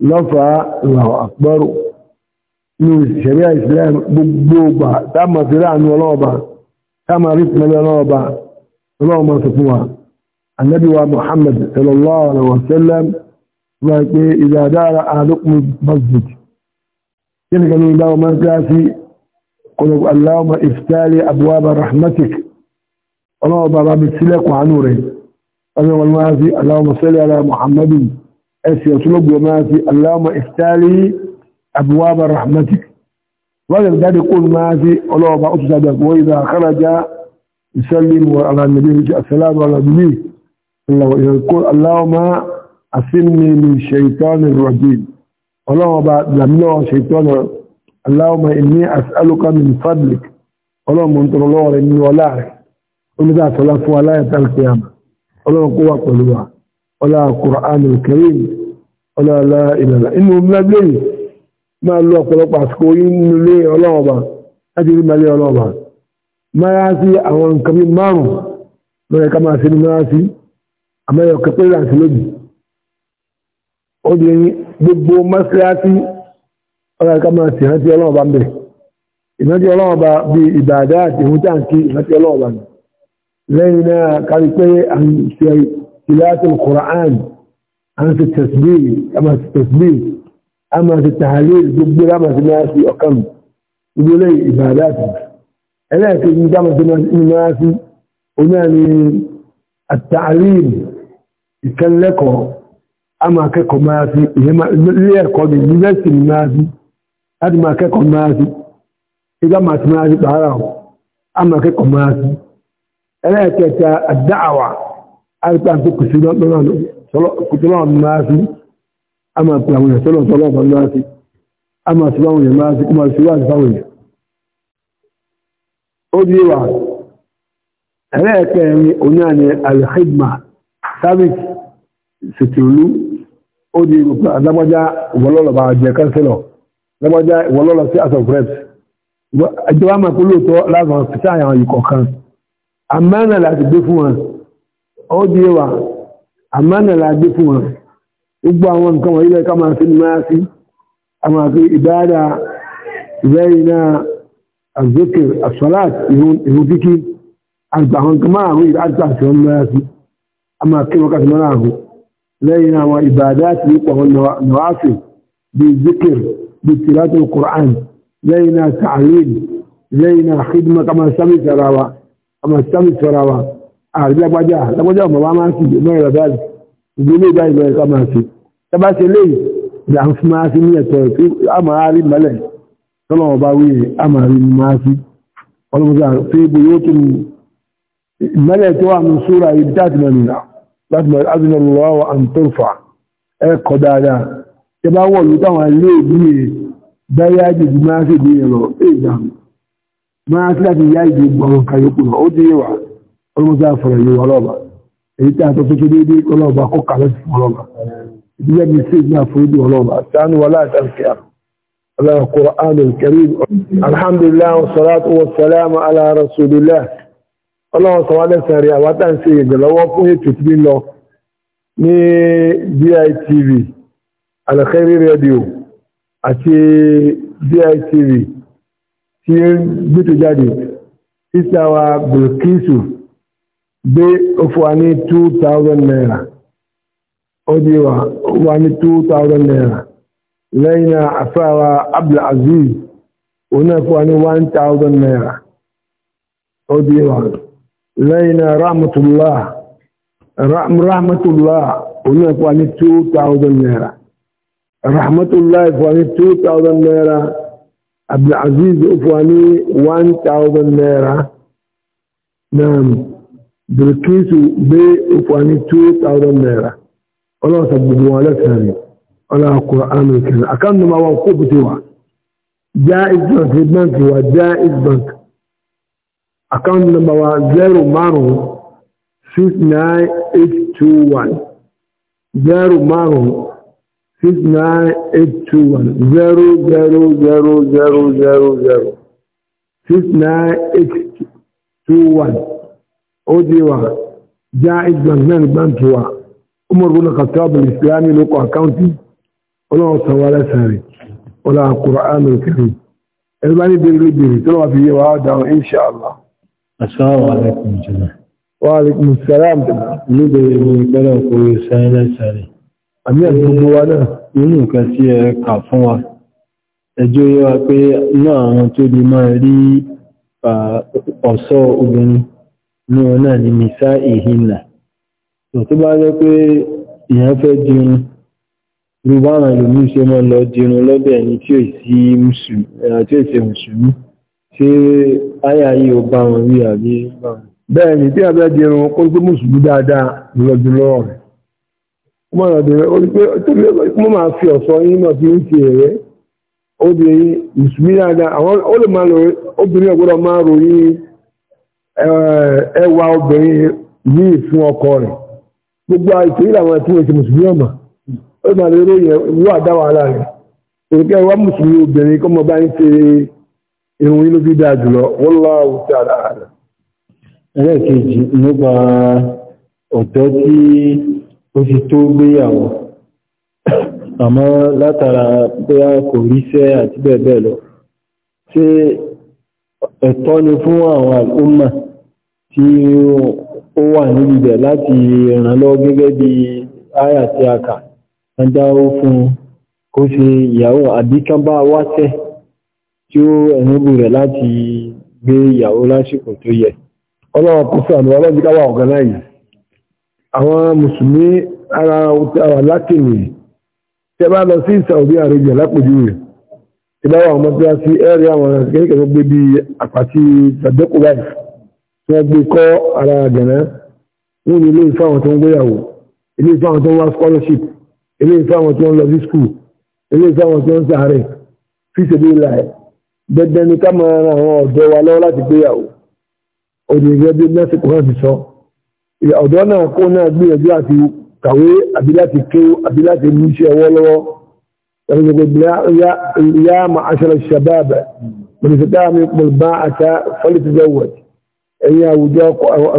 لفع الله أكبر من شريعة الإسلام بوبا تم سرعا ولوبا تم رتما ولوبا اللهم سفوا النبي محمد صلى الله عليه وسلم wọ́n pé ìdádára àlùkùn masjid kí ni kan ìgbà wọn ká sí kọlọ̀kù aláwọ̀mà ìfitali abuwaba rahmatik ọlọ́wọ́ bàbá bí sílẹ̀kùn àánú rẹ̀ ọlọ́wọ́n máa sí aláwọ̀mà sẹ́lẹ̀ ara muhammadin ẹsẹ̀ ọ̀túnlọ́gbọ̀ máa sí أسلني من شيطان الرجيم اللهم لمنه شيطان اللهم إني أسألك من فضلك اللهم انت الله إني ولا ومذا ثلاث ولا يتأل القيامة ولا قوة قلوة ولا قرآن الكريم ولا لا إله إلا إنهم لا بلي ما الله قلوة أسكوين لي اللهم أجل ما لي اللهم ما يعزي أو أنكمين مارو ما يكما سنو ناسي أما يكتل عن سلوبي obìnrin gbogbo mọ́síláṣí ọ̀rọ̀ ẹ̀ka máa ti ìrántí ọlọ́run bá ń bẹ̀ ìrántí ọlọ́run bá bí ìbàdá àti ìhun tá à ń kí ìrántí ọlọ́run bá ní lẹ́yìn náà kárí pé à ń ṣe ìlàsìn Qur'an à ń ṣe tasbih ìkẹ́lẹ́kọ̀ọ́ a máa kẹ́kọ̀ọ́ máa fi ilé ẹ̀kọ́ ní yúnẹ́sì ní máa fi láti máa kẹ́kọ̀ọ́ máa fi ìgbà máa ti máa fi pàárà ọ̀ a máa kẹ́kọ̀ọ́ máa fi ẹlẹ́ẹ̀kẹta àdáàwà àríkàtí kùsùlọ́ máa fi a máa pè sí wáàdì ó di ìrùpá lágbájá ìwọlọ́lọ̀ bá jẹ kánsílọ̀ lágbájá ìwọlọ́lọ̀ sí house of reps ìjọba máa kó lóòótọ́ láwọn fìtá àwọn ikọ̀ kan àmánà láti gbé fún wọn ó di wà àmánà láti gbé fún wọn gbogbo àwọn nǹkan wọ̀nyí lẹ́ka máa fi máa sí àmà fi ìbáadà ìrẹ́yìn náà àzókè àṣọláàt ìrùn kíkí àgbà àwọn nǹkan márùn-ún ìdájọ́ àti ọmọ mẹ́ra sí àmà kí wọ́n kàtí mẹ́ra àhùn lẹ́yìn àwọn ìbàdá àti nípa àwọn nàwáfì bíi zikir bíi tìlátì qur'an lẹ́yìn náà ta'lim lẹ́yìn náà khidma kama sami sarawa kama sami sarawa àrílágbájá lágbájá ọmọ wa máa ń sìgbè mọ́ ìrọ̀dá ìgbélé ìgbà ìgbà ìgbà máa ṣe tábà ṣe léyìí là ń fún máa ṣe ní ẹ̀tọ́ ìfí àmàárí mẹ́lẹ̀ tọ́lọ́wọ́ bá wí àmàárí ni máa ṣe ọlọ́mọdé àti ìbò yóò tún mẹ́lẹ̀ tó wà ní súra ibi táàtì mẹ́rin náà láti bẹ̀rẹ̀ azìnà lọ́wọ́ àǹtọ́fà ẹ̀kọ́ dáadáa tẹ bá wọ̀ lóta wọn lé ìdílé bẹ́yà jìdì máa sì gbé ẹ̀rọ èèyàn máa sí láti yá ìdí gbọ̀rọ̀ kàyókù náà ó ti yé wa ọlọ́mọdé àfọ̀rọ̀ yìí wà lọ́ba èyí tí a tọ́ tuntun dédé ọlọ́ba kó kàlẹ́ sí ọlọ́ba ìdílé mi sì ní ọlọ́run sọ wá lẹ́sàn rí àwátà ń ṣe ìgbẹ̀lọ́wọ́ fún ètò tí lọ ní BITV Alkhairi Radio àti BITV tí ń gbìtò jáde sísá wa Bilkisu gbé òfò wa ní 2000 naira ó di wa wa ní 2000 naira lẹ́yìn àfẹ́ wa Abdulaziz òun náà fún wa ní 1000 naira ó wa lẹ́yìn rahmatullah rahmatullah oní ẹ̀kọ́ ní 2000 naira rahmatullah ẹ̀kọ́ ní 2000 naira abdulaziz ẹ̀kọ́ ní 1000 naira naam bilkisu gbé ẹ̀kọ́ ní 2000 naira ọlọ́sà gbogbo wọn lẹ́sẹ̀rẹ̀ ọlọ́kùnrin amẹ́kẹ̀rẹ̀ akánnumawọ̀ kó bùtẹ́wà jaiz bank wa jaiz bank account number wa zero márùn six nine eight two one zero márùn six nine eight two one zero zero zero zero zero zero six nine eight two one ó di wa já bank náà ní báńkì wa umar bin khattab al-islami ló kọ àkáǹtì ọlọ́run sọ wa lẹ́sàrẹ̀ ọlọ́run Qur'an al-Karim ẹgbẹ́ ní bèrè bèrè tó lọ́wọ́ fi yé wa dáhùn inṣàlá Assalamu Wa alaikum salam Ní bẹ̀rẹ̀ mi pẹ́lẹ̀ kò rí Àmì wa náà nínú nǹkan tí ẹ kà fún wa. Ẹjọ́ yẹ wa pé inú àwọn tó lè máa rí ọ̀ṣọ́ obìnrin náà ni Ìhìnà. bá jẹ́ pé fẹ́ dirun. ìlú ṣe lọ dirun ẹni tí ò sí mùsùlùmí. ṣe ayà yìí ò bá wọn rí àbí bẹ́ẹ̀ ni tí a bẹ́ di irun ó gbé mùsùlùmí dáadáa lọ́dúnlọ́ rẹ̀ mo máa fi ọ̀sọ́ yín náà fi ń fi èrè obìnrin mùsùlùmí dáadáa àwọn ó lè máa lò obìnrin ọ̀gbọ́dọ̀ máa ròyìn ẹwà obìnrin yìí fún ọkọ rẹ̀ gbogbo ìtòyí làwọn ẹ̀tún ẹ̀sìn mùsùlùmí ọ̀mà ó lè máa lè ròyìn wà dá wàhálà rẹ̀ òkè wà mùsùlùmí obìnrin kọ́mọ bá ṣe irun ilú bí dáa jùlọ wọ́n láwọ́ tí a dáa rẹ̀. ẹlẹ́ẹ̀kejì nípa ọ̀tẹ́ tí ó ti tó gbéyàwó àmọ́ látara bóyá kò ríṣẹ́ àti bẹ́ẹ̀ bẹ́ẹ̀ lọ ṣé ẹ̀tọ́ ni fún àwọn àlùmà tí ó wà níbi láti ràn gẹ́gẹ́ bí áyà tí a kà ń dáwó fún kó ṣe ìyàwó àbíkánbá wáṣẹ́ tí ó ẹ̀rùngbù rẹ̀ láti gbé ìyàwó lásìkò tó yẹ. ọlọ́wọ́ púpọ̀ àmì ọlọ́díkáwà organize àwọn mùsùlùmí ara àwọn látìmì tẹ bá lọ sí Saudi Arabia lápòjú rẹ̀ tẹ bá wà ọmọ tí a sí ẹ̀rí àwọn akẹ́kẹ̀ẹ́ gbé bí àpàtì sadeko life tí wọ́n gbé kọ́ ara àgànná wọ́n ní ilé ìfẹ́ àwọn tó ń gbéyàwó ilé ìfẹ́ àwọn tó ń wá scholarship ilé ìfẹ́ àwọn tó ń lọ school ilé ìfẹ́ àwọn tó ń sàárẹ̀ fi ṣe bí láì dandan ni ká máa ran àwọn ọ̀dọ́ wa lọ́wọ́ láti gbéyàwó òdìrẹ́ bí lásìkò náà ti sọ ọ̀dọ́ náà kó náà gbìyànjú àti kàwé àbí láti kéwú àbí láti mú iṣẹ́ ọwọ́ lọ́wọ́ ya ma'ashara shabab من استطاع منكم الباعة فليتزوج ẹ̀yin àwùjọ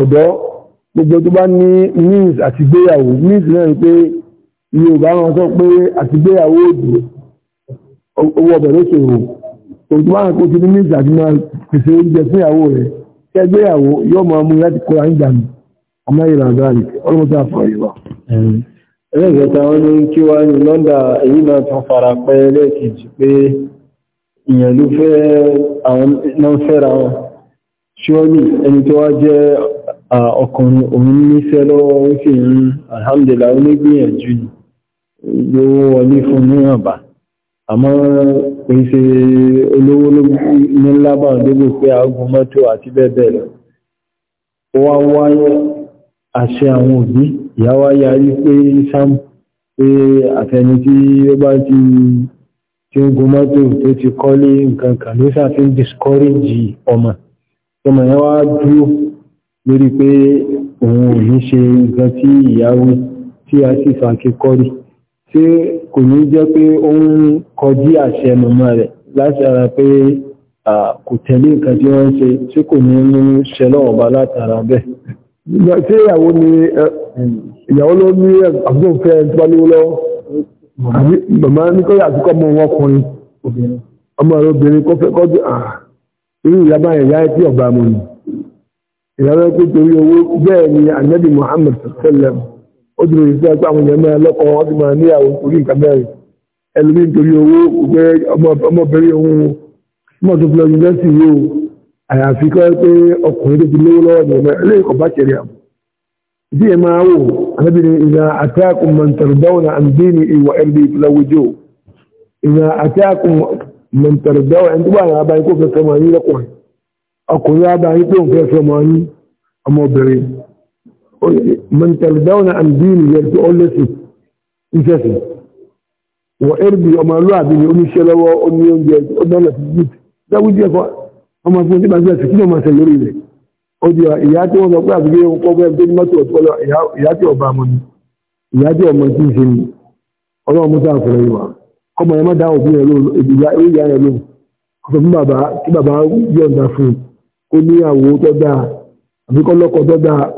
ọ̀dọ́ gbogbo tó bá ní means àti gbéyàwó means náà ni pé Yorùbá wọn sọ pé òtún wá kó ti ní ní ìjà tí máa pèsè oúnjẹ fún ìyàwó rẹ̀ tí ẹgbẹ́ ìyàwó yóò máa mú láti kọ́ra ń jàmù àmọ́ ìlà àgbáyé ọlọ́mọdé àfọ̀ ìwà. ẹlẹ́gbẹ̀ta wọn ní kí wá ní lọ́ndà èyí náà tún fara pẹ́ lẹ́ẹ̀kejì pé ìyẹn ló fẹ́ náà fẹ́ra wọn ṣọ́ọ́lì ẹni tó wá jẹ́ ọkùnrin òun níṣẹ́ lọ́wọ́ ó sì ń alhamdulillah onígbìyànjú yóò wọlé fún níwọ̀nba àmọ́ kìí ṣe olówó ní lábàá débò pé àágùn mọ́tò àti bẹ́ẹ̀bẹ́ẹ̀ lọ wá wáyé àṣẹ àwọn òbí ìyá wá yarí pé sam pé àtẹni tí ó bá ti tí ó gun mọ́tò tó ti kọ́lé nǹkan kan ló sàfin discourage ọmọ ọmọ yẹn wá dúró lórí pé òun ò ní ṣe nǹkan tí ìyá tí a sì fàkíkọ́rí ṣé kò ní jẹ́ pé ó ń kọjí àṣẹ mọ̀mọ́ rẹ̀ látara pé kò tẹ̀lé nǹkan tí wọ́n ń ṣe tí kò ní mú ṣẹlọ́ ọba látara bẹ́ẹ̀. nígbà tí ìyàwó ni ìyàwó ló ní àbúrò fẹ́ tó bá lówó lọ màmá ní kọ́ àti kọ́ ọmọ wọn ọkùnrin ọmọ rẹ̀ obìnrin kọ́ fẹ́ kọ́jú irú ìyàbá ẹ̀yà tí ọ̀gbà mọ̀ ni ìyàwó pé torí owó bẹ́ẹ̀ ni ànábì Muhammad sallam ó ti ròyìn sí ẹ pé àwọn èèyàn máa lọ́kọ wọ́n ti máa níyàwó torí nǹkan mẹ́rin ẹlòmíì nítorí owó ògbé ọmọbìnrin òun mọ̀ tó fi lọ yunifásitì yìí o àyàfi kọ́ pé ọkùnrin tó ti lówó lọ́wọ́ ni ọmọ ilé ìkọ̀ bá ṣẹlẹ̀ àmọ́ ìdí ẹ̀ máa wò alábìnrin ìgbà àtàkùn mọ̀ntàrúdáwọn àǹdíni ìwà ẹ̀rọ̀dì ìfìlàwójò ìgbà àtàkùn mọ̀ntàrúdáwọn ẹni tó wà lára báyìí kó fẹ́ fẹ́ من تلدون عن ديني يرجع لسي إنساسي وإربي أما الله بني أمي شلوى أمي أمي أدانا في الجيت ده ودي أفا أما فوتي بعد ذلك كده ما سلوري لي أودي إياتي وما قلت بجي وقوبة يبدين ما تقول إياتي وبامني إياتي ومن تنسيني الله مسافر أيوة ọmọ ẹmọ́ dá òbí ẹ̀rọ ìyá ẹ̀rọ ọ̀sọ̀ fún bàbá kí bàbá yọ̀ǹda fún un kó ní àwò tó dáa àbíkọ́ lọ́kọ̀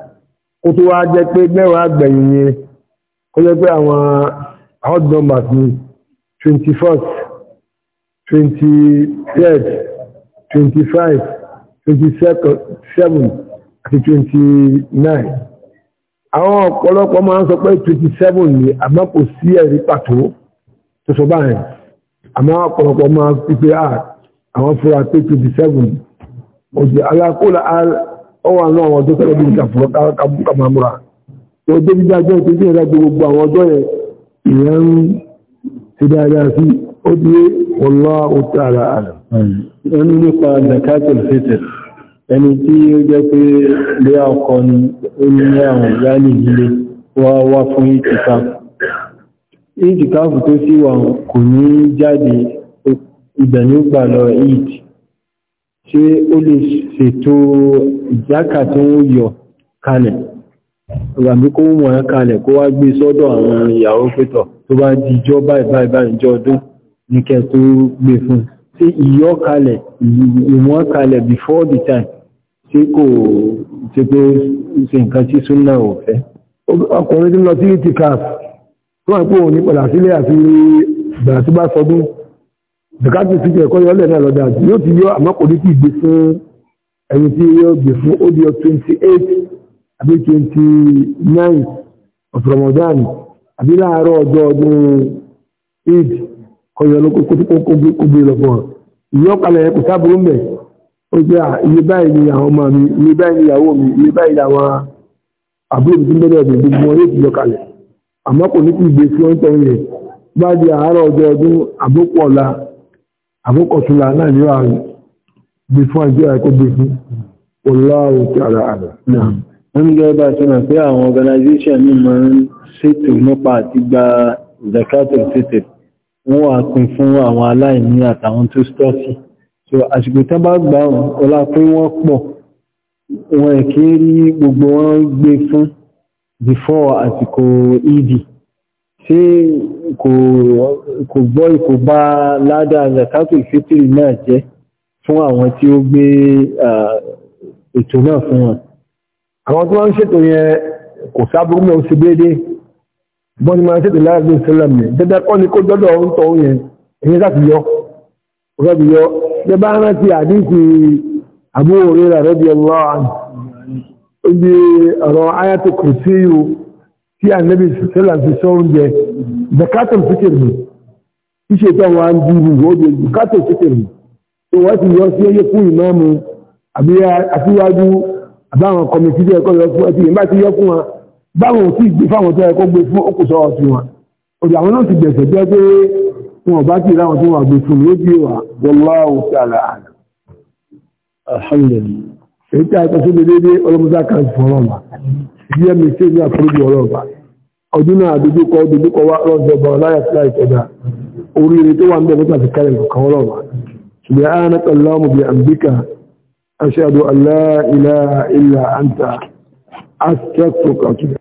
kó tó wá jẹ́ pé mẹ́wàá gbẹ̀yìn yẹn kó jẹ́ pé àwọn odd numbers ni twenty first twenty third twenty five twenty seven àti twenty nine àwọn ọ̀pọ̀lọpọ̀ máa ń sọ pé twenty seven ni àmọ́ kò sí ẹ̀rí pàtó tó sọ báyìí àmọ́ ọ̀pọ̀lọpọ̀ máa ń pípé ah, àwọn fúra pé twenty seven òjì alákòólà ọwọ́ àwọn àwọn ọjọ́ tẹ́lẹ̀ bíi kàfùrọ̀ kàmàmúra tó dé bí dájọ́ tó dé ẹ̀rọ gbogbo àwọn ọjọ́ yẹn ìyẹn ń ṣe dáadáa sí ó di ọlọ́ òtà ara àlà. wọ́n ní nípa zakatul fitr ẹni tí ó jẹ́ pé lé ọkọ ni ó ní àwọn ìyáálé ilé wá wá fún ìtìká ìtìkáàfù tó sì wà kò ní jáde ìgbẹ̀ni ó gbà lọ ìtì ṣé ó lè ṣètò ìjákà tí wọ́n yọ kalẹ̀ ìgbàmí kó wọ́n kalẹ̀ kó wá gbé sọ́dọ̀ àwọn ìyàwó pẹ́tọ̀ tó bá dìjọ́ báyìí báyìí jọ ọdún ní kẹ tó gbé fún tí ìyọ́ kalẹ̀ ìwọ̀n kalẹ̀ before the time tí kò tí pé ṣe nǹkan tí súnà ò fẹ́ ọkùnrin tí lọ sí ti kaf tó wà pé òun ní padà sílé àti ìgbà tí bá sọdún bùkátì sí ẹ̀kọ́ yọlẹ̀ náà lọ́dà yóò ti yọ àmọ́ ní kí ìgbé fún ẹni tí yóò gbé fún audio twenty eight àbí twenty nine of Ramadan àbí láàárọ̀ ọjọ́ ọdún eid kọyọ lókòkògbé lọ́pọ̀ ìyọ́kalẹ̀ kò sábúrú mẹ́ ó jẹ́ iye báyìí ni àwọn ọmọ mi iye báyìí ni ìyàwó mi iye báyìí ni àwọn bí fún àjẹ́ àkọ́ bí fún ọláwò tí ara rẹ̀. wọ́n ní gẹ́gẹ́ bá ṣe náà pé àwọn organization ní ma ń ṣètò nípa àti gba zakato tètè wọ́n wà pín fún àwọn aláìní àtàwọn tó stọ́ọ̀sì so àsìkò tán bá gbà ọlá pé wọ́n pọ̀ wọn èké rí gbogbo wọn gbé fún before àsìkò ìdí ṣé kò gbọ́ ìkò bá ládàá zakato fitri náà jẹ́ fún àwọn tí ó gbé ètò náà fún wọn àwọn tó wá ń ṣètò yẹn kò sábúrú mẹ́ oṣù dédé bọ́n ni máa ṣètò láàrin ìṣẹ́lẹ̀m yẹn dandan kọ́ ni kó dọ́dọ̀ ń yẹn èyí láti yọ Abu Hurairah radiyallahu anhu ibi ọ̀rọ̀ ayatu kùrùsí yìí tí ànábì sẹ́là ti sọ oúnjẹ zakatul fitr ni ṣíṣe tó wọn á ń dúró ó di zakatul wọ́n ti yọ sí ẹyẹ fún ìmáàmù àbí aṣíwájú àbáwọn kọmitì tó ẹ̀kọ́ yọ fún ẹtì ìbá ti yọ fún wọn báwọn ò tí gbé fáwọn tó ẹ̀kọ́ gbé fún òkùsọ ọ̀sìn wọn òjò àwọn náà ti gbẹ̀sẹ̀ jẹ́ pé wọn ò bá ti ráwọn tí wọn àgbè fún mi ó di wà wallahu ta'ala a'lam alhamdulillah èyí tí a kọ́ sí dédé ọlọ́mọdé kan fún ọlọ́mà bí ẹ̀mí tí èmi àforíjì ọlọ́mà ọdún náà dojúkọ dojúkọ wá lọ́sọ̀bọ̀ láyà sí láì tọ́jà oríire tó wà ń bẹ̀ mọ́tà sí kárẹ̀ kọ̀ọ̀kan ọlọ́mà سبحانك اللهم بحمدك أشهد أن لا إله إلا أنت أستغفرك